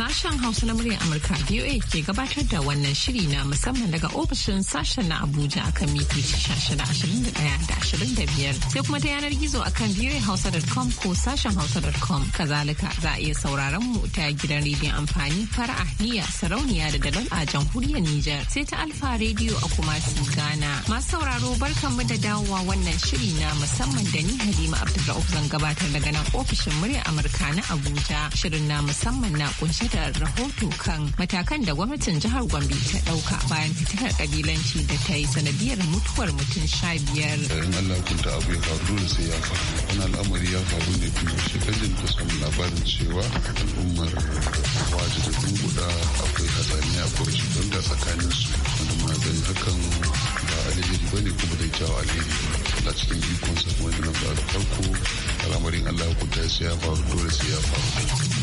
Sashen Hausa na muryar Amurka VOA ke gabatar da wannan shiri na musamman daga ofishin sashen na Abuja akan miti ashirin da ashirin da biyar sai kuma ta yanar gizo akan com ko sashen hausa com Kazalika za a iya sauraron mu ta gidan rediyon amfani fara'a niyya sarauniya da dalon a jamhuriyar Nijar sai ta Alfa rediyo a kuma Ghana. Masu sauraro barkan mu da dawowa wannan shiri na musamman da ni Halima Abdulrauf zan gabatar daga nan ofishin muryar Amurka na Abuja. Shirin na musamman na kunshi da rahoto kan matakan da gwamnatin jihar Gombe ta ɗauka bayan fitilar kabilanci da ta yi sanadiyar mutuwar mutum sha biyar. Yayin Allah kunta abu ya faru dole sai ya faru. Wani al'amari ya faru ne kuma shi kajin ta samu labarin cewa al'ummar waje da guda akwai hatsaniya akwai shi don tsakanin su. Wani magani hakan ba alheri ba ne kuma dai jawo alheri. Allah cikin ikonsa kuma yana da farko al'amarin Allah ya kunta sai ya faru dole sai ya faru.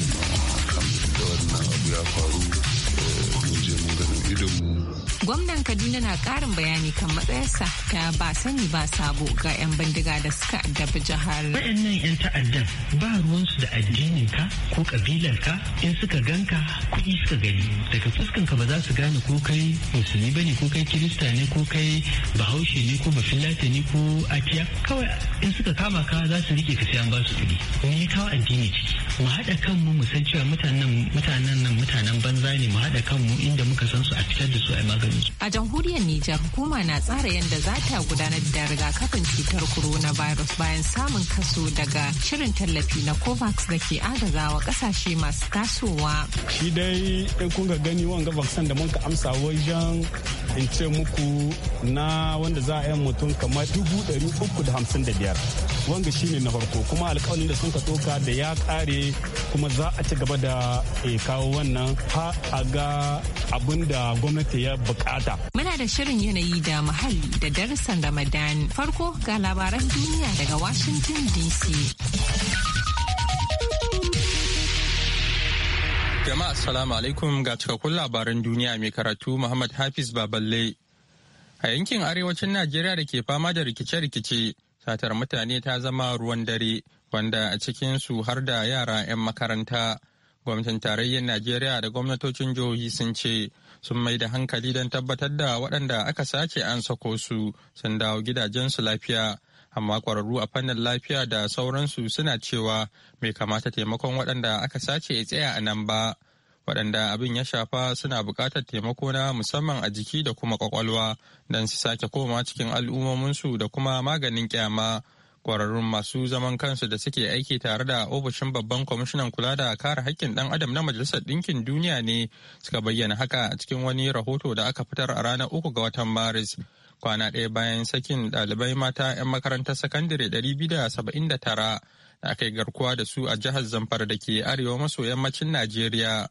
wannan abu ya faru eh, mun je mun ganin idonmu Gwamnan Kaduna na karin bayani kan matsayarsa ta ba sani ba sabo ga 'yan bindiga da suka addabi jihar. Waɗannan 'yan ta'addan ba ruwansu da addinin ka ko kabilar ka in suka ganka kuɗi suka gani daga fuskan ka ba za su gane ko kai musulmi bane ko kai kirista ne ko kai bahaushe ne ko bafilata ne ko atiya kawai in suka kama ka za su rike ka sai an ba su kuɗi ne kawo addini ciki mu haɗa kanmu mu san cewa mutanen mutanen nan mutanen banza ne mu haɗa kanmu inda muka san su a fitar da su a magani A jamhuriyar Nijar hukuma na tsara yadda za ta gudanar da rigakafin cutar coronavirus bayan samun kaso daga shirin tallafi na COVAX da ke agazawa kasashe masu tasowa. Shi dai in kun ga gani wanga vaccin da mun ka amsa wajen in ce muku na wanda za a yi mutum kamar dubu ɗari uku da hamsin da biyar. wanga shine na farko kuma alƙawarin da sun ka doka da ya kare kuma za a ci gaba da eh, kawo wannan ha a ga abin da gwamnati ya bukata. Muna da shirin yanayi da muhalli da darasin Ramadan. Farko ga labaran duniya daga Washington DC. Jama'a Assalamu alaikum ga cikakkun labaran duniya mai karatu Muhammad Hafiz Baballe. A yankin arewacin Najeriya da ke fama da rikice-rikice satar mutane ta zama ruwan dare wanda a cikin su har da yara 'yan makaranta. Gwamnatin tarayyar Najeriya da gwamnatocin jihohi sun ce sun mai da hankali don tabbatar da waɗanda aka sace an sako su sun dawo gidajensu lafiya. Amma ƙwararru a fannin lafiya da sauransu suna cewa bai kamata taimakon waɗanda aka sace ya tsaya a nan ba. waɗanda abin ya shafa suna buƙatar taimako na musamman a jiki da kuma ƙwaƙwalwa don su sake koma cikin al'ummominsu da kuma maganin kyama kwararrun masu zaman kansu da suke aiki tare da ofishin babban kwamishinan kula da kare haƙƙin ɗan adam na majalisar ɗinkin duniya ne suka bayyana haka a cikin wani rahoto da aka fitar a ranar uku ga watan maris kwana ɗaya bayan sakin ɗalibai mata 'yan makarantar sakandare 279 da aka yi garkuwa da su a jihar zamfara da ke arewa maso yammacin najeriya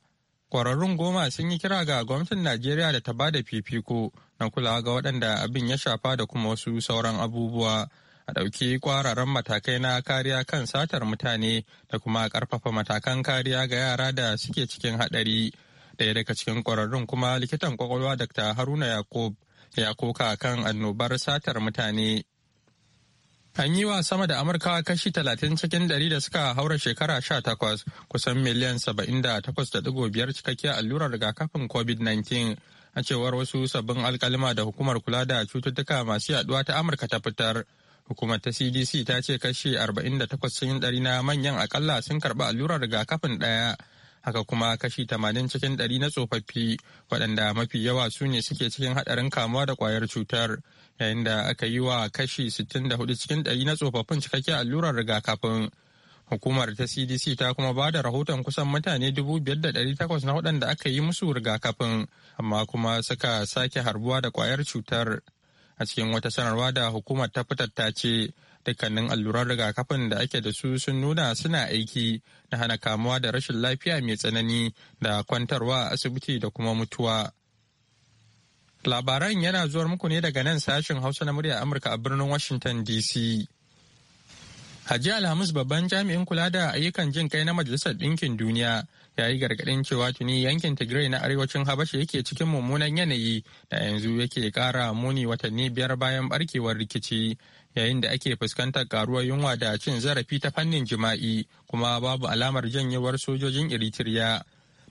Kwararrun goma sun yi kira ga gwamnatin Najeriya da ta ba da fifiko na kulawa ga waɗanda abin ya shafa da kuma wasu sauran abubuwa. A ɗauki kwararan matakai na kariya kan satar mutane da kuma ƙarfafa matakan kariya ga yara da suke cikin haɗari. Ɗaya daga cikin kwararrun kuma likitan kwakwalwa Dr. Haruna Yakub ya koka kan annobar satar mutane. An yi wa sama da Amurka kashi talatin cikin ɗari da suka haura shekara sha kusan miliyan saba'in da takwas cikakkiyar allurar rigakafin COVID-19 a cewar wasu sabbin alkalima da hukumar kula da cututtuka masu yaduwa ta Amurka ta fitar. Hukumar ta CDC ta ce kashi arba'in cikin ɗari na manyan akalla sun karɓi allurar rigakafin ɗaya haka kuma kashi tamanin cikin ɗari na tsofaffi waɗanda mafi yawa su ne suke cikin haɗarin kamuwa da ƙwayar cutar yayin da aka yi wa kashi sittin da hudu cikin ɗari na tsofaffin cikakke allurar rigakafin hukumar ta cdc ta kuma ba da rahoton kusan mutane dubu biyar da ɗari takwas na waɗanda aka yi musu rigakafin amma kuma suka sake harbuwa da ƙwayar cutar a cikin wata sanarwa da hukumar ta fitar ta ce dukkanin alluran rigakafin da ake da su sun nuna suna aiki na hana kamuwa da rashin lafiya mai tsanani da kwantarwa a asibiti da kuma mutuwa. Labaran yana zuwar muku ne daga nan sashen Hausa na murya Amurka a birnin Washington DC. Hajji Alhamis babban jami'in kula da ayyukan jin kai na Majalisar Ɗinkin Duniya ya yi gargaɗin cewa tuni yankin Tigray na arewacin Habasha yake cikin mummunan yanayi da yanzu yake kara muni watanni biyar bayan barkewar rikici yayin da ake fuskantar karuwar yunwa da cin zarafi ta fannin jima'i kuma babu alamar janyewar sojojin eritrea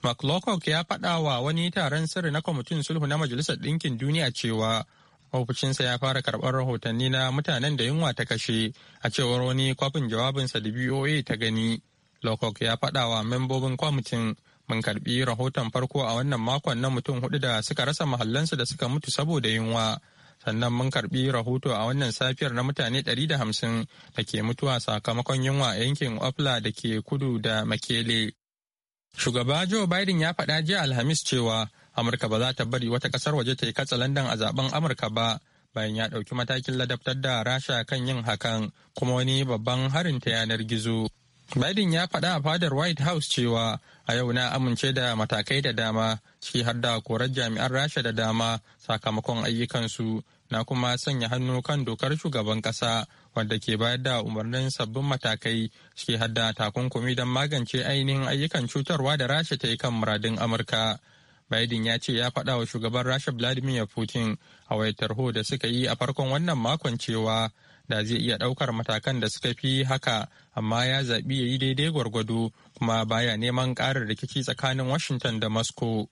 mclocock ya faɗa wa wani taron sirri na kwamitin sulhu na majalisar ɗinkin duniya cewa ofishinsa ya fara karɓar rahotanni na mutanen da yunwa ta kashe a cewar wani kwafin jawabinsa da boa ta gani locock ya faɗa wa membobin kwamitin mun karɓi rahoton farko a wannan makon na mutum hudu da suka rasa mahallansu da suka mutu saboda yunwa sannan mun karbi rahoto a wannan safiyar na mutane 150 da ke mutuwa sakamakon yunwa a yankin ofla da ke kudu da makele shugaba joe biden ya faɗa jiya alhamis cewa amurka ba za ta bari wata ƙasar waje ta yi katsalandan a zaben amurka ba bayan ya ɗauki matakin ladabtar da rasha kan yin hakan kuma wani babban harin ta yanar gizo Biden ya faɗa a fadar White House cewa a yau na amince da matakai da dama ciki har da korar jami'an Rasha da dama sakamakon ayyukansu na kuma sanya hannu kan dokar shugaban ƙasa wadda ke bayar da umarnin sabbin matakai ciki har da takunkumi don magance ainihin ayyukan cutarwa da Rasha ta yi kan muradin Amurka. Biden ya ce ya faɗa wa shugaban Rasha Vladimir Putin a wayar tarho da suka yi a farkon wannan makon cewa da zai iya daukar matakan da suka fi haka amma ya zaɓi ya yi daidai gwargwado kuma baya neman karar rikici tsakanin washington da moscow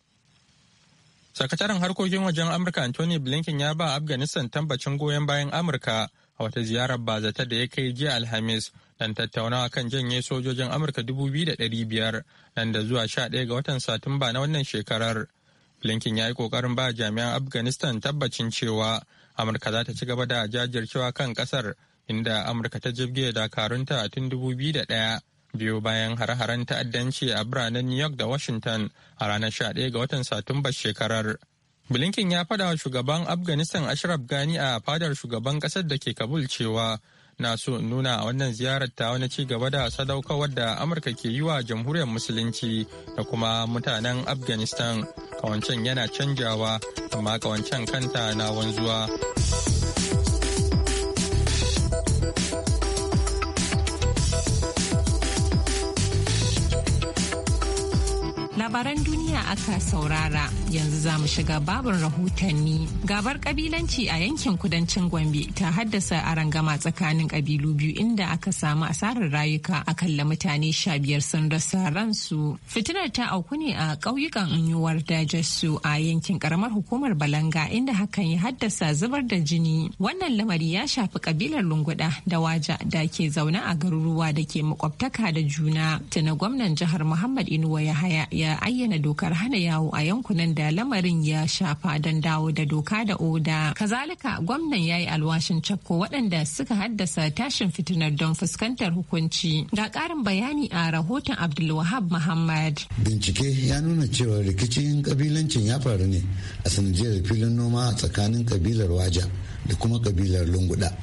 sakataren harkokin wajen amurka anthony blinken ya ba afghanistan tambacin goyon bayan amurka a wata ziyarar bazata da ya kai jiya alhamis dan tattaunawa kan janye sojojin amurka 2,500 nan da zuwa 11 ga watan satumba na wannan shekarar blinken ya yi kokarin ba jami'an afghanistan tabbacin cewa amurka za ta ci gaba da jajircewa kan kasar inda amurka ta jibge dakarunta tun 2001 biyu bayan hare-haren ta'addanci a biranen new york da washington a ranar 11 ga watan satumbar shekarar blinken ya fada wa shugaban afghanistan ashraf gani a fadar shugaban kasar da ke kabul cewa na so in nuna a wannan ziyarar ta wani ci gaba da sadaukarwar da amurka ke yi wa jamhuriyar musulunci da kuma mutanen afghanistan kawancen yana canjawa amma kawancen kanta na wanzuwa labaran duniya aka saurara yanzu za mu shiga babin rahotanni gabar kabilanci a yankin kudancin gombe ta haddasa arangama tsakanin kabilu biyu inda aka samu asarar rayuka A akalla mutane sha biyar sun rasa ransu fitinar ta auku ne a ƙauyukan unyuwar dajarsu a yankin karamar hukumar balanga inda hakan ya haddasa zubar da jini wannan lamari ya shafi kabilar lunguda da waja da ke zaune a garuruwa da ke makwabtaka da juna tana gwamnan jihar muhammad inuwa yahaya ya da ayyana dokar hana yawo a yankunan da lamarin ya shafa don dawo da doka da oda. Kazalika gwamnan ya yi alwashin cakko waɗanda suka haddasa tashin fitinar don fuskantar hukunci. Ga ƙarin bayani a rahoton Abdulwahab Muhammad. Bincike ya nuna cewa rikicin kabilancin ya faru ne a sanadiyar filin noma a tsakanin kabilar Waja da kuma kabilar Lunguda.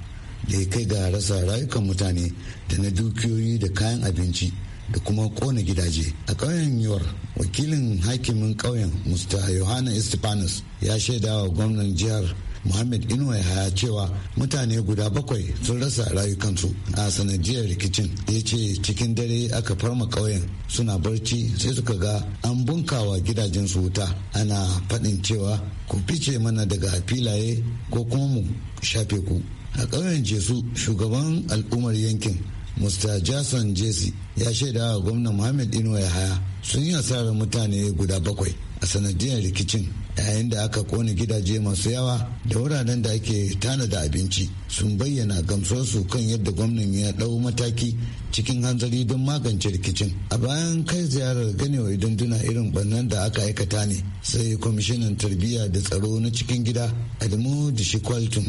da ya kai ga rasa rayukan mutane da na dukiyoyi da kayan abinci da kuma kona gidaje a ƙauyen yuwar wakilin hakimin ƙauyen mr yohana estefanus ya shaida wa gwamnan jihar Muhammad Inuwa ya cewa mutane guda bakwai sun rasa rayukansu a sanadiyar rikicin ya ce cikin dare aka farma ƙauyen suna barci sai suka ga an bunkawa gidajen su wuta ana faɗin cewa ku fice mana daga filaye ko kuma mu shafe ku a ƙauyen jesu shugaban al'ummar yankin Mr. Jason Jesse ya shaida wa gwamna Mohamed inuwa ya haya sun yi asarar mutane guda bakwai a sanadiyar rikicin yayin da aka kone gidaje masu yawa da wuraren da ake tanada abinci sun bayyana su kan yadda gwamnan ya ɗau mataki cikin hanzari don magance rikicin a bayan kai ziyarar ganewa dunduna irin bannan da aka aikata ne sai kwamishinan tarbiyya da tsaro na cikin gida adamu dishikwaltun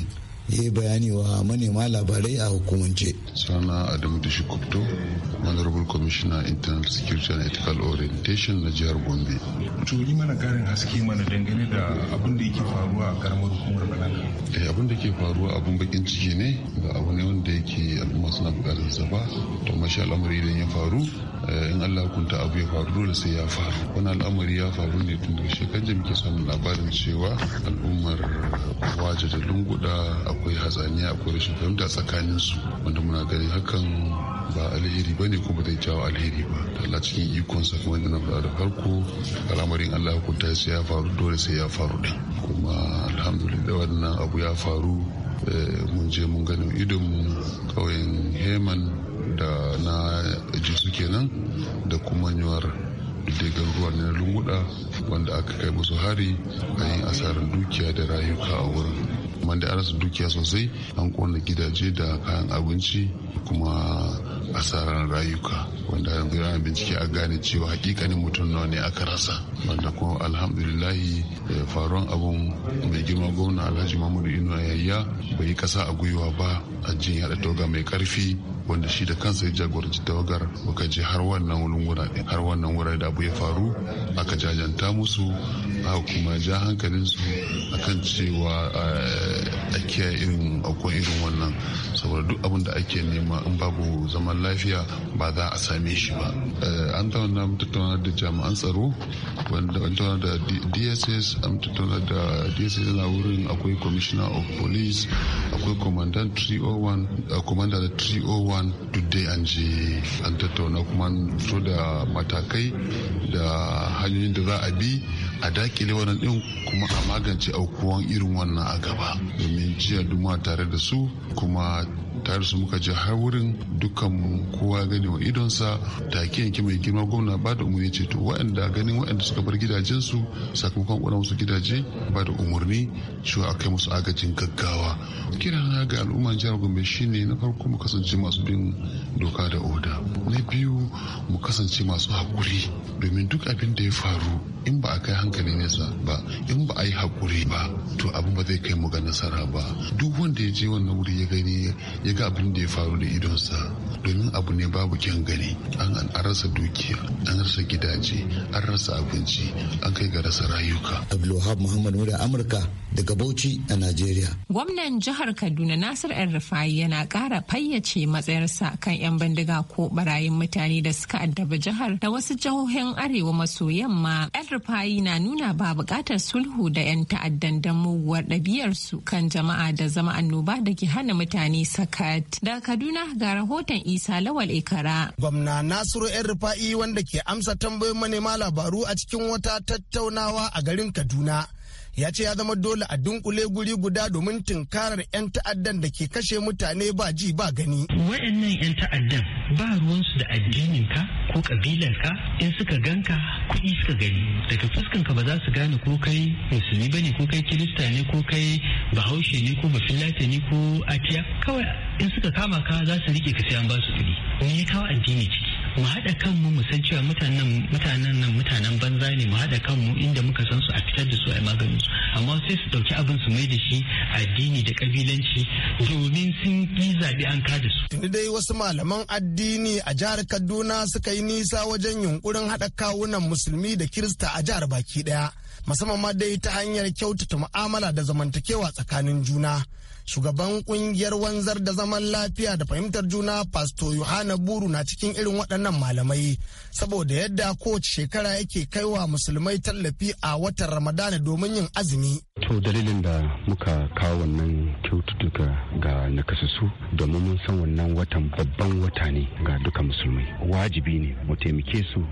ya yi bayani wa manema labarai a hukumance. Sana Adamu Dushi Kupto, Honorable Commissioner Internal Security and Ethical Orientation na jihar Gombe. Turi mana karin haske mana dangane da abin da yake faruwa a karamar hukumar Balanga. Eh abin da ke faruwa abin bakin ciki ne ba abu ne wanda yake al'umma suna bukatar sa ba to mashi al'amari idan ya faru eh, in Allah kunta abu ya faru dole sai ya faru wani al'amari ya faru ne tun da shekaru da muke samun labarin cewa al'ummar waje da lunguda a akwai hatsaniya akwai rashin fahimta tsakanin su wanda muna gani hakan ba alheri ba ne kuma zai jawo alheri ba Allah cikin ikon sa kuma na faɗa da farko al'amarin Allah hukunta sai ya faru dole sai ya faru din kuma alhamdulillah wannan abu ya faru eh, mun je mun ganin idon kauyen Heman da na jisu kenan da kuma nyuwar diddigar ruwa na lunguda wanda aka kai musu hari a yin asarar dukiya da rayuka a wurin wanda an rasa dukiya sosai an kona gidaje da kayan abinci kuma asarar rayuka wanda yanzu ana bincike a gane cewa hakikanin mutum nawa ne aka rasa wanda kuma alhamdulillahi eh, faruwan abun mai girma gwamna alhaji mahmudu inuwa yayya bai yi kasa a gwiwa ba a jin yada toga mai karfi wanda shi da kansa ya jagoranci tawagar muka je har wannan lunguna har wannan wurare da abu ya faru aka jajanta musu aka kuma ja hankalinsu kan cewa eh, a kiyaye irin akwai irin wannan saboda duk abin da ake nema in babu zaman lafiya ba za a same shi ba eh, an tattauna tattauna da jami'an tsaro wanda an tattauna da dss an tattauna da dss na wurin akwai commissioner of police akwai commandant 301 eh, commander 301 abubuwan duk dai an ji an tattauna kuma an da matakai da hanyoyin da za a bi a dakile wannan din kuma a magance aukuwan irin wannan a gaba domin jiya duma tare da su kuma tare su muka je har wurin dukkan kowa gani wa idonsa ke yanki mai girma gwamna ba da umarni ce to waɗanda ganin waɗanda suka bar gidajensu sakamakon ƙona musu gidaje ba da umarni cewa a kai musu agajin gaggawa na ga al'umman jihar gombe shine na farko mu kasance masu bin doka da oda na biyu mu kasance masu haƙuri domin duk abin da ya faru in ba a kai hankali nesa ba in ba a yi hakuri ba to abin ba zai kai mu ga nasara ba duk wanda ya je wannan wuri ya gani ya ga abin da ya faru da idonsa domin abu ne babu kyan gani an rasa dukiya an rasa gidaje an rasa abinci an kai ga rasa rayuka abdulwahab muhammad muda amurka daga bauchi a najeriya gwamnan jihar kaduna nasir el rufai yana kara fayyace matsayarsa kan yan bindiga ko barayin mutane da suka addaba jihar da wasu jihohin gwamnonin arewa maso yamma yan rufayi na nuna ba bukatar sulhu da 'yan ta'addan damuwar ɗabi'arsu kan jama'a da zama annoba da ke hana mutane sakat da kaduna ga rahoton isa lawal ikara gwamna nasiru yan rufayi wanda ke amsa tambayoyin manema labaru a cikin wata tattaunawa a garin kaduna ya ce ya zama dole a dunkule guri guda domin tinkarar 'yan ta'addan da ke kashe mutane ba ji ba gani. Wa'annan 'yan ta'addan ba ruwansu da addininka ko kabilarka in suka ganka kuɗi suka gani daga fuskanka ba za su gane ko kai musulmi ba ne ko kai kirista ne ko kai bahaushe ne ko bafilata ne ko atiya kawai in suka kama ka za su rike ka sai an ba su kuɗi. Me ya kawo addini ciki? mu haɗa kanmu mu san cewa mutanen nan mutanen banza ne mu haɗa kanmu inda muka san su a fitar da su a maganin su amma sai su ɗauki abin su mai da shi addini da kabilanci domin sun yi zaɓe an kada su. Tuni dai wasu malaman addini a jihar Kaduna suka yi nisa wajen yunkurin haɗa kawunan musulmi da kirista a jihar baki ɗaya. musamman ma dai ta hanyar kyautata mu'amala da zamantakewa tsakanin juna. Shugaban kungiyar wanzar da zaman lafiya da fahimtar juna Pasto Yohana Buru na cikin irin waɗannan waɗannan malamai saboda yadda kowace shekara yake kaiwa musulmai tallafi a watan ramadana domin yin azumi. to dalilin da muka kawo wannan kyaututtuka ga nakasassu domin mun san wannan watan babban wata ne ga duka musulmai wajibi ne mu taimake su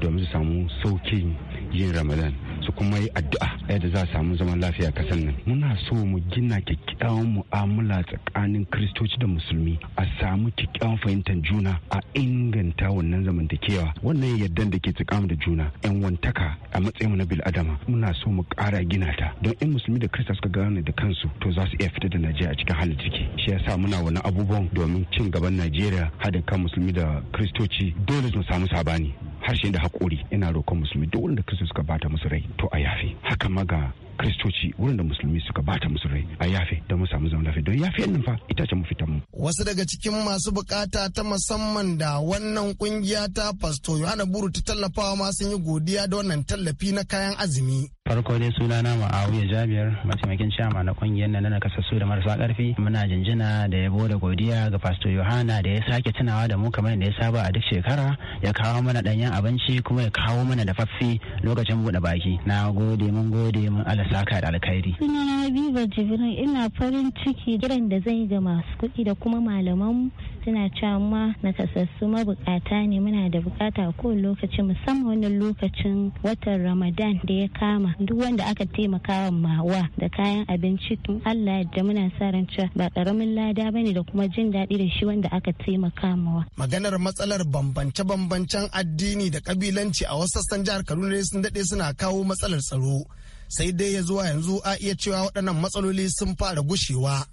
domin su samu saukin yin ramadan su kuma yi addu'a yadda za a samu zaman lafiya kasan nan muna so mu gina kyakkyawan mu'amala tsakanin kiristoci da musulmi a samu kyakkyawan fahimtar juna a inganta wannan zamantakewa wannan yaddan da ke tsakamu da juna yan wantaka a matsayin na bil adama muna so mu ƙara gina ta don in musulmi da krista suka gane da kansu to za su iya fita da najeriya a cikin halin ciki shi yasa muna wani abubuwan domin cin gaban najeriya haɗin kan musulmi da kiristoci? dole mu samu sabani harshe da haƙori ina roƙon musulmi duk wanda kristo suka bata musu rai to a yafe haka ma ga kristoci wurin da musulmi suka bata musu rai a yafe da mu samu zaman lafiya don yafe nan fa ita ce mafita mu wasu daga cikin masu bukata ta musamman da wannan kungiya ta pastor yohana buru ta tallafawa ma sun yi godiya da wannan tallafi na kayan azumi farko dai sunana ma'awuyar jami'ar mataimakin ciyama na kungiyar nan na kasassu da marasa karfi muna jinjina da yabo da godiya ga pastor yohana da ya sake tunawa da mu kamar da ya saba a duk shekara ya kawo mana danyen abinci kuma ya kawo mana dafaffi lokacin buɗe baki na gode mun gode mun ala saka da alkhairi sunana biba jibrin ina farin ciki kiran da zan yi ga masu kuɗi da kuma malaman suna cewa ma nakasassu mabukata ne muna da bukata ko lokaci musamman wani lokacin watan ramadan da ya kama duk wanda aka taimaka mawa da kayan abinci tun allah da muna sa ran cewa ba karamin lada ne da kuma jin daɗi da shi wanda aka taimaka mawa maganar matsalar bambance-bambancen addini da kabilanci a wasu sassan jihar kaduna sun daɗe suna kawo matsalar tsaro sai dai ya zuwa yanzu a iya cewa waɗannan matsaloli sun fara gushewa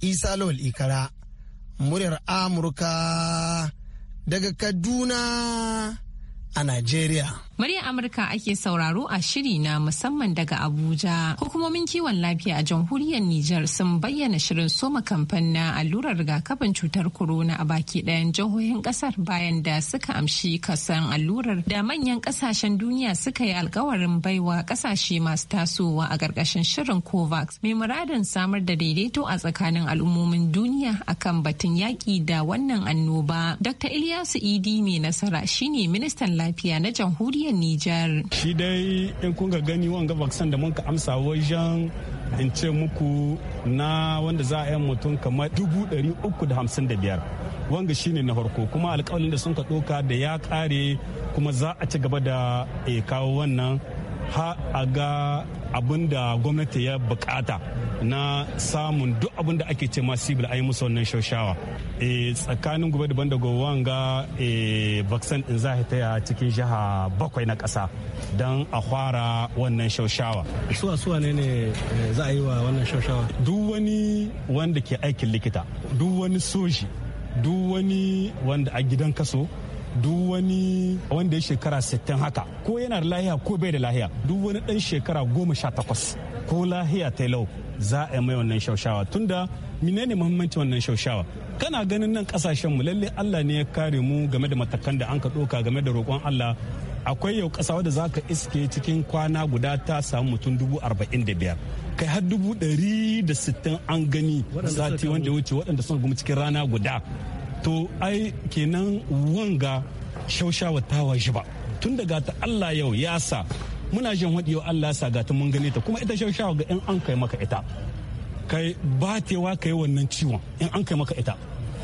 isa lawal ikara muryar Amurka daga Kaduna a Najeriya. Murya Amurka ake sauraro a shiri na musamman daga Abuja. Hukumomin kiwon lafiya a jamhuriyar Nijar sun bayyana shirin soma kamfan na allurar rigakafin cutar corona a baki ɗayan jihohin ƙasar bayan da suka amshi kasan allurar da manyan ƙasashen duniya suka yi alkawarin baiwa ƙasashe masu tasowa a ƙarƙashin shirin COVAX mai muradin samar da daidaito a tsakanin al'ummomin duniya akan batun yaƙi da wannan annoba. Dr. Ilyasu Idi mai nasara shine ministan lafiya lafiya na jamhuriyar Nijar. Shi dai in kun ga gani wanga vaccine da mun amsa wajen in ce muku na wanda za a yi mutum kamar dubu ɗari uku da hamsin da biyar wanga shine na farko kuma alkawalin da sun ka ɗoka da ya ƙare kuma za a ci gaba da eh, kawo wannan ha a ga abin da gwamnati ya bukata na samun duk abin da ake ce ma sibil a yi musu wannan e, tsakanin gobe daban da gowan ga eh, vaccine din za ta cikin jiha bakwai na ƙasa don a fara wannan shaushawa suwa suwa ne ne eh, za a yi wa wannan shaushawa duk wani wanda ke aikin likita duk wani soji duk wani wanda a gidan kaso duk wani wanda ya shekara 60 haka ko yana da lahiya ko bai da lahiya duk wani dan shekara 18 ko lahiya ta lau za a mai wannan shaushawa tunda menene muhimmanci wannan shaushawa kana ganin nan kasashen mu lalle Allah ne ya kare mu game da matakan da an ka doka game da roƙon Allah akwai yau kasa wadda za ka iske cikin kwana guda ta samu mutum dubu arba'in da biyar kai har dubu ɗari da sittin an gani sati wanda wuce waɗanda sun gumi cikin rana guda to ai kenan wanga shaushawa ta waje ba tun daga ta Allah yau ya sa muna jin waɗi yau Allah sa gata mun gane ta kuma ita shaushawa ga in an kai maka ita kai batewa kai wannan ciwon in an kai maka ita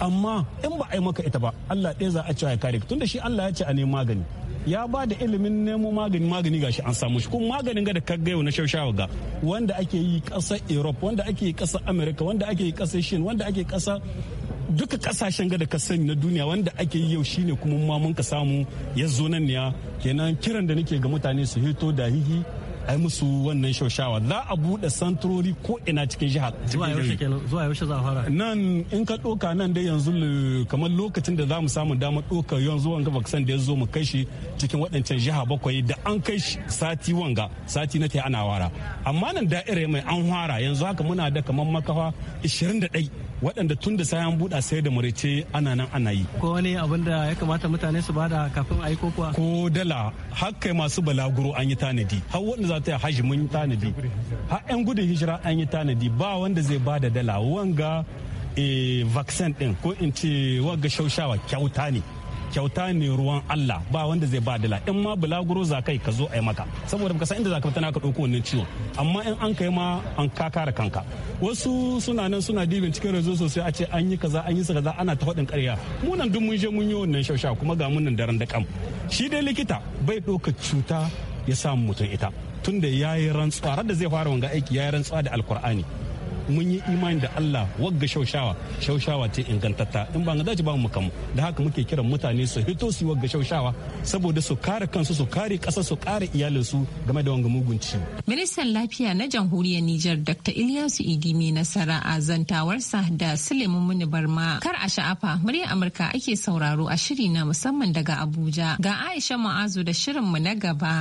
amma in ba a yi maka ita ba Allah ɗaya za a ce ya kare tunda shi Allah ya ce a ne magani ya ba da ilimin nemo magani magani gashi an samu shi kuma maganin ga da gaya na shaushawa ga wanda ake yi ƙasar europe wanda ake yi ƙasar america wanda ake yi ƙasar shin wanda ake ƙasar duka kasashen gada ka sani na duniya wanda ake yi yau shine kuma ma mun ka samu ya zo nan ne kenan kiran da nake ga mutane su hito da hihi ai musu wannan shaushawa za a bude santurori ko ina cikin jiha zuwa yaushe za a fara nan in ka doka nan dai yanzu kamar lokacin da za mu samu damar doka yanzu wanga vaccin da ya zo mu kai shi cikin waɗancan jiha bakwai da an kai sati wanga sati na ta ana wara amma nan da'ira mai an fara yanzu haka muna da kamar makafa 21 waɗanda tun da sayan buɗa sai da murice ana nan ana yi. Ko wani abin da ya kamata mutane su bada kafin a yi ko Ko dala har masu balaguro an yi tanadi har wanda za ta yi hajji mun yi tanadi har 'yan gudun hijira an yi tanadi ba wanda zai bada dala wanga eh, vaccine ɗin ko in ce wanga shaushawa kyauta ne. kyauta ne ruwan Allah ba wanda zai ba la in ma bulaguro za kai ka zo a yi maka saboda baka san inda za ka tana ka ɗauko wannan ciwon amma in an kai ma an ka kare kanka wasu suna nan suna dibin cikin rezo sosai a ce an yi kaza an yi kaza ana ta faɗin ƙarya mu nan duk mun je mun yi wannan shausha kuma ga mun nan daren da kam shi dai likita bai ɗauka cuta ya samu mutum ita tunda ya yi rantsuwa da zai fara wanga aiki ya yi rantsuwa da alkur'ani mun yi imani da Allah wagga shaushawa shaushawa ce ingantatta in ba ga ba mu kamu da haka muke kiran mutane su hito su wagga shaushawa saboda su kare kansu su kare kasa su kare su game da wanga mugun ci Ministan lafiya na jamhuriyar Nijar Dr. Ilyasu Idimi nasara a zantawarsa da Suleiman Muni Barma kar a sha'afa muryar Amurka ake sauraro a shiri na musamman daga Abuja ga Aisha Ma'azu da shirin mu na gaba.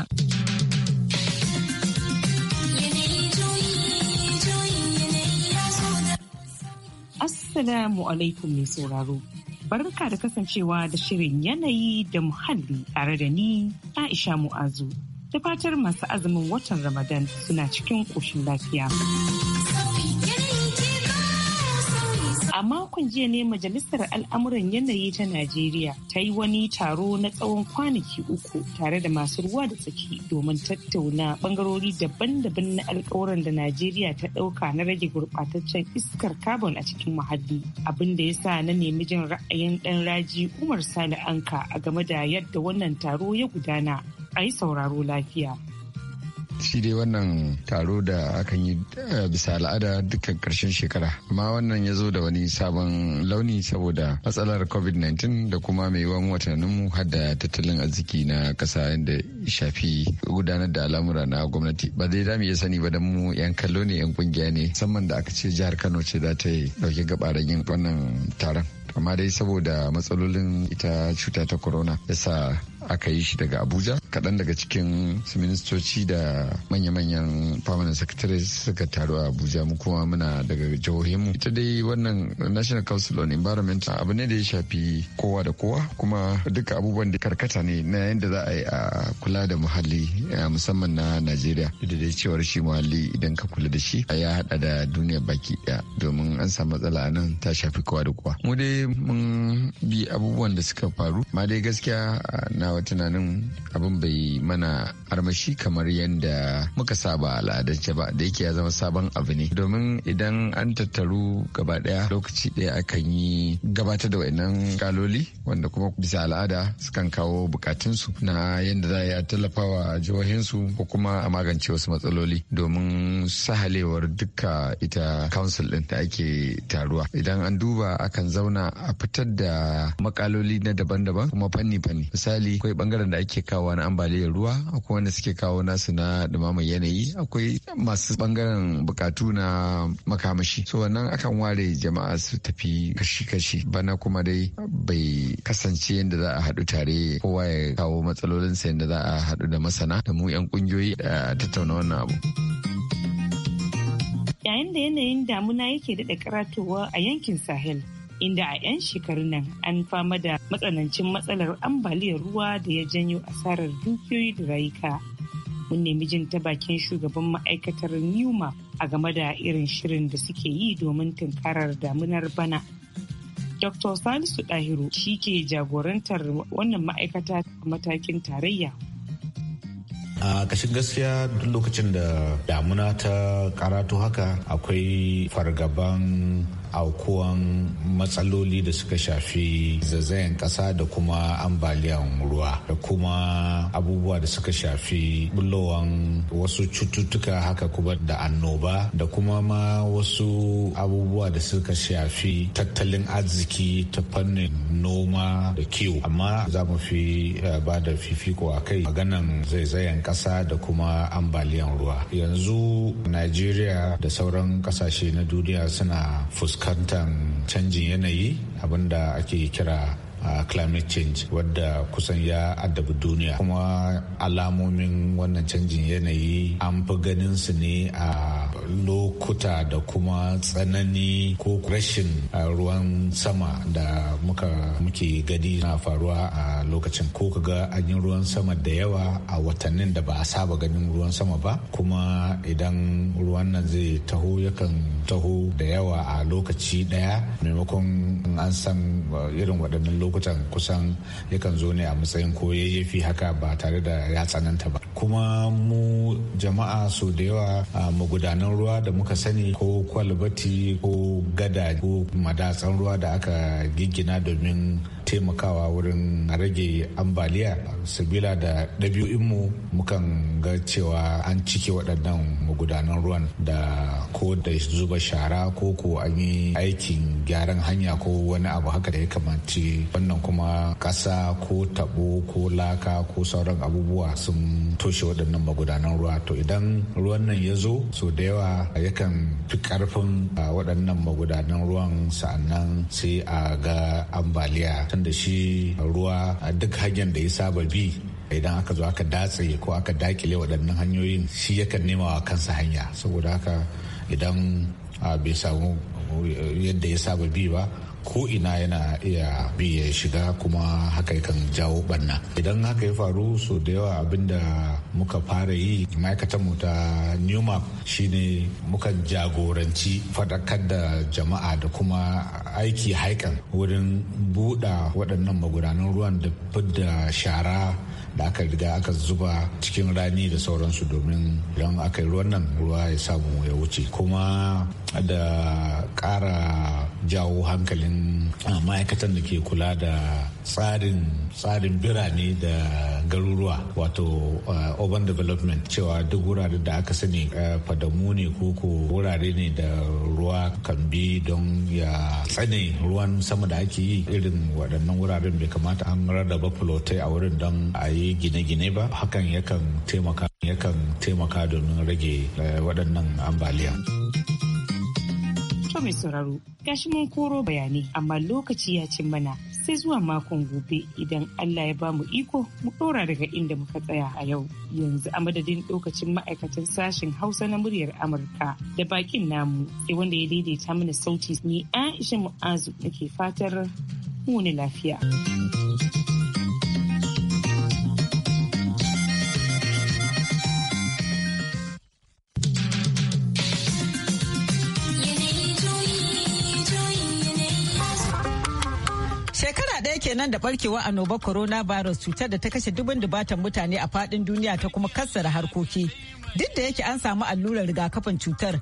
Assalamu alaikum mai sauraro. Barka da kasancewa da shirin yanayi da muhalli tare da ni Aisha Mu'azu. Da fatar masu azumin watan Ramadan suna cikin ƙoshin lafiya. A makon jiya ne Majalisar Al'amuran Yanayi ta Najeriya ta yi wani taro na tsawon kwanaki uku tare da masu ruwa da tsaki domin tattauna bangarori daban-daban na alkawuran da Najeriya ta ɗauka na rage gurɓataccen iskar carbon a cikin muhalli. Abin da ya sa na nemi jin ra'ayin ɗan raji Umar Sani Anka a game da yadda wannan taro ya gudana. A yi sauraro lafiya. shi dai wannan taro da akan yi eh, bisa al'ada dukkan karshen shekara amma wannan ya zo da wani sabon launi saboda matsalar covid-19 da kuma mai yawan mu har da tattalin arziki na ƙasa yadda shafi gudanar da al'amura na gwamnati ba zai za mu iya sani ba da mu yan kallo ne yan kungiya ne musamman da aka ce jihar kano ce za ta yi dauke gabaran yin wannan taron amma dai saboda matsalolin ita cuta ta corona yasa aka yi shi daga abuja kaɗan daga cikin su ministoci da manya-manyan permanent secretaries suka taru a abuja mu kuma muna daga jihohinmu ita dai wannan national council on environment abu ne da ya shafi kowa da kowa kuma duka abubuwan da karkata ne na yadda za a yi a kula da muhalli musamman na najeriya da dai cewar shi muhalli idan ka kula da shi ya hada da duniya baki daya domin an samu matsala nan ta shafi kowa da kowa mu dai mun bi abubuwan da suka faru ma dai gaskiya na tunanin abin bai mana armashi kamar yadda muka saba al'adance ba da yake ya zama sabon abu ne domin idan an tattaru gaba daya lokaci daya akan yi gabatar da wayannan kaloli wanda kuma bisa al'ada sukan kawo bukatunsu na yadda za a tallafawa jihohinsu ko kuma a magance wasu matsaloli domin sahalewar duka ita council din da ake taruwa idan an duba akan zauna a fitar da makaloli na daban-daban kuma fanni-fanni misali akwai bangaren da ake kawo na ambaliyar ruwa akwai wanda suke kawo nasu na dumaman yanayi akwai masu bangaren bukatu na makamashi so wannan akan ware jama'a su tafi kashi-kashi bana kuma dai bai kasance yadda za a haɗu tare kowa ya kawo matsalolin sa yadda za a haɗu da masana da mu 'yan kungiyoyi da tattauna wannan abu. yayin da yanayin damuna yake daɗa karatuwa a yankin sahel inda a 'yan shekarun nan an fama da matsanancin matsalar ambaliyar ruwa da ya janyo asarar dukiyoyi da rayuka. Mun nemi jin ta bakin shugaban ma'aikatar Newma a game da irin shirin da suke yi domin tunkarar damunar bana. Dr. Salisu Dahiru shi ke jagorantar wannan ma'aikata a matakin tarayya a kashin gaskiya duk lokacin da damuna ta karatu haka akwai fargaban aukuwan matsaloli da suka shafi zazayen ƙasa da kuma ambaliyan ruwa da kuma abubuwa da suka shafi bulowan wasu cututtuka haka kuma da annoba da kuma ma wasu abubuwa da suka shafi tattalin arziki ta fannin noma da kiwo amma za mu fi eh, ba da fifiko a kai maganan zaizayen ƙasa da kuma ambaliyan ruwa yanzu najeriya da sauran ƙasashe na duniya suna fuska. fuskantar canjin yanayi abinda ake kira Uh, climate change wadda kusan ya addabi duniya kuma alamomin wannan canjin yanayi an fi ganin su ne a lokuta da kuma tsanani ko rashin ruwan sama da muka muke gani na faruwa a lokacin ko kaga an yi ruwan sama da yawa a watannin da ba a saba ganin ruwan sama ba kuma idan ruwan nan zai taho yakan taho da yawa a lokaci daya maimakon an san irin waɗannan lokutan kusan yakan zo ne a matsayin ko yayyafi haka ba tare da ya tsananta ba kuma mu jama'a so da yawa magudanan ruwa da muka sani ko kwalbati ko gada ko madatsan ruwa da aka giggina domin taimakawa wurin rage ambaliya sabila da ɗabi'unmu mukan ga cewa an cike waɗannan magudanan ruwan da ko da zuba shara ko ko an yi aikin gyaran hanya ko wani abu haka da ya kamanci wannan kuma ƙasa ko taɓo ko laka ko sauran abubuwa sun toshe waɗannan magudanan ruwa to idan ruwan nan ya zo sau da yawa yawa yakan fi karfin ah, waɗannan magudanan ruwan sa'annan sai a ga ambaliya tunda shi ruwa duk hanyar da ya saba bi idan aka zo aka datse ko aka dakile waɗannan hanyoyin shi yakan nema wa kansa hanya saboda haka idan ah, bai samu yadda ya saba bi ba ko ina yana iya bi ya shiga kuma haka kan jawo banna idan haka ya faru so da yawa abinda muka fara yi ma'aikatanmu ta newmark shine mukan jagoranci faɗakar da jama'a da kuma aiki haikan wurin buɗa waɗannan magudanan ruwan da fidda shara da aka riga aka zuba cikin rani da sauransu domin idan aka yi ruwan nan ruwa ya samu ya wuce kuma da ƙara jawo hankalin ah, ma'aikatan da ke kula da tsarin tsarin birane da garuruwa wato uh, urban development cewa duk wurare da aka sani uh, fadamu ne koko wurare ne da ruwa kan bi don ya tsane ruwan sama da ake yi irin waɗannan wuraren bai kamata an rarraba fulotai a wurin don a yi gine-gine ba hakan yakan taimaka yakan taimaka domin rage uh, waɗannan ambaliya. To mai sauraro, gashi mun koro bayanai amma lokaci ya cin mana sai zuwa makon gobe idan Allah ya ba mu iko mu ɗora daga inda muka tsaya a yau. Yanzu a madadin lokacin ma'aikatan sashen Hausa na muryar Amurka da bakin namu sai wanda ya daidaita mana sauti ne Aisha Mu'azu nake fatar mu lafiya. kenan da barkewar corona virus cutar da ta kashe dubin dubatan mutane a fadin duniya ta kuma kassara harkoki duk da yake an samu allurar rigakafin cutar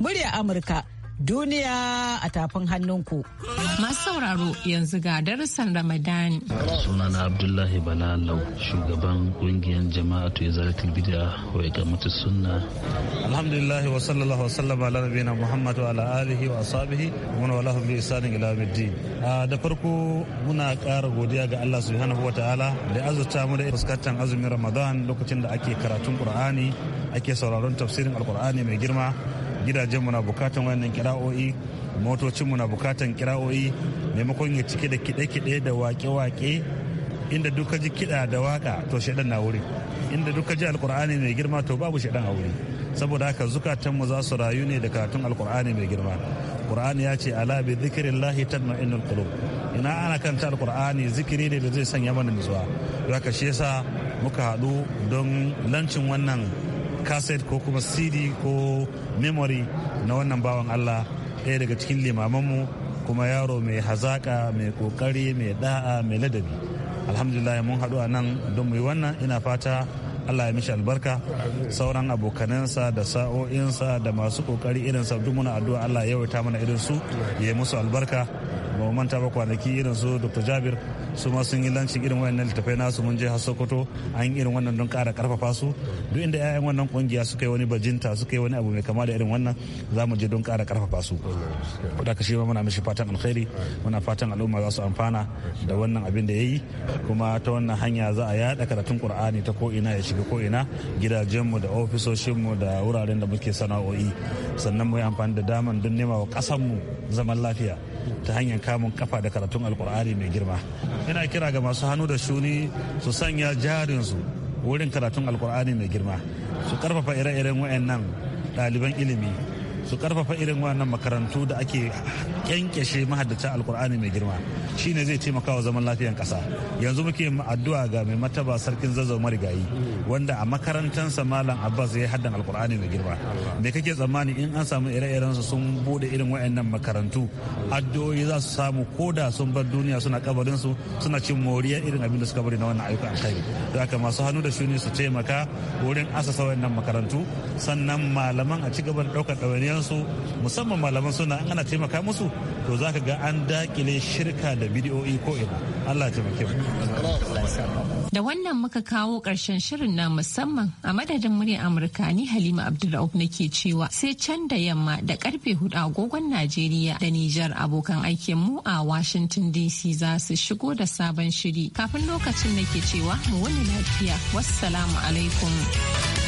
murya Amurka. Duniya a tafin hannunku. Masu sauraro yanzu ga darussan Ramadan. Sunana Abdullahi Balalau, shugaban kungiyar jama'a to zaratul bid'a wa iqamatu sunna. Alhamdulillah wa sallallahu wa sallam ala nabiyina Muhammad wa ala alihi wa ashabihi wa man walahu bi ila yawmiddin. Da farko muna ƙara godiya ga Allah subhanahu wa ta'ala da azurta mu da fuskantar azumin Ramadan lokacin da ake karatun Qur'ani ake sauraron tafsirin Alqur'ani mai girma gidajenmu na bukatan wannan kira'o'i motocinmu na bukatan kira'o'i maimakon ya cike da kide-kide da wake-wake inda duka ji kiɗa da waka to shaidan na wuri inda duka ji alkur'ani mai girma to babu shaidan a wuri saboda haka zukatanmu za su rayu ne da karatun alkur'ani mai girma qur'ani ya ce ala bi na tatma'innul qulub ina ana kanta alkur'ani zikiri ne da zai sanya mana nutsuwa haka shi yasa muka haɗu don lancin wannan kaset ko kuma cd ko memory na wannan bawan allah ɗaya daga cikin limamanmu kuma yaro mai hazaƙa mai ƙoƙari mai da'a mai ladabi alhamdulillah mun haɗu a nan don mu wannan ina fata Allah ya mishi albarka sauran abokanansa da sa'o'insa da masu kokari irin duk muna addu'a Allah ya yawaita mana irin su ya yi musu albarka manta ba kwanaki irin su dr jabir su ma sun yi lancin irin na littafai nasu mun je har sokoto an yi irin wannan don kara karfafa su duk inda 'ya'yan wannan kungiya suka yi wani bajinta suka yi wani abu mai kama da irin wannan za mu je don kara karfafa su da ka shi ma muna mishi fatan alkhairi muna fatan al'umma za su amfana da wannan abin da ya yi kuma ta wannan hanya za a yada karatun qur'ani ta ko ina ya shiga ko ina gidajenmu da ofisoshinmu da wuraren da muke sana'o'i sannan mu yi amfani da daman don nema wa ƙasarmu zaman lafiya ta hanyar kamun kafa da karatun alkur'ani mai girma ina kira ga masu hannu da shuni su sanya jarinsu wurin karatun alkur'ani mai girma su karfafa ire-iren wayannan ɗaliban ilimi su karfafa irin wannan makarantu da ake kyankyashe mahaddacin alkur'ani mai girma shi ne zai taimaka wa zaman lafiyan kasa yanzu muke addu'a ga mai mataba sarkin zazzau marigayi wanda a makarantansa malam abbas ya haddan alkur'ani mai girma me kake tsammani in an samu ire-iren su sun bude irin wayannan makarantu addu'o'i za su samu koda sun bar duniya suna kabarin su suna cin moriyar irin abin da suka bari na wannan ayyukan alkhairi da haka masu hannu da shuni su taimaka wurin asasa wayannan makarantu sannan malaman a ci gaba da daukar ɗawainiyar su musamman malaman suna ana taimaka musu to za ka ga an dakile shirka da bidiyoyi ko ina Allah taimake mu da wannan muka kawo ƙarshen shirin na musamman a madadin muryar Amurka ni Halima Abdulrauf nake cewa sai can da yamma da karfe hudu agogon Najeriya da Nijar abokan aikin mu a Washington DC za su shigo da sabon shiri kafin lokacin nake cewa mu wani lafiya wassalamu alaikum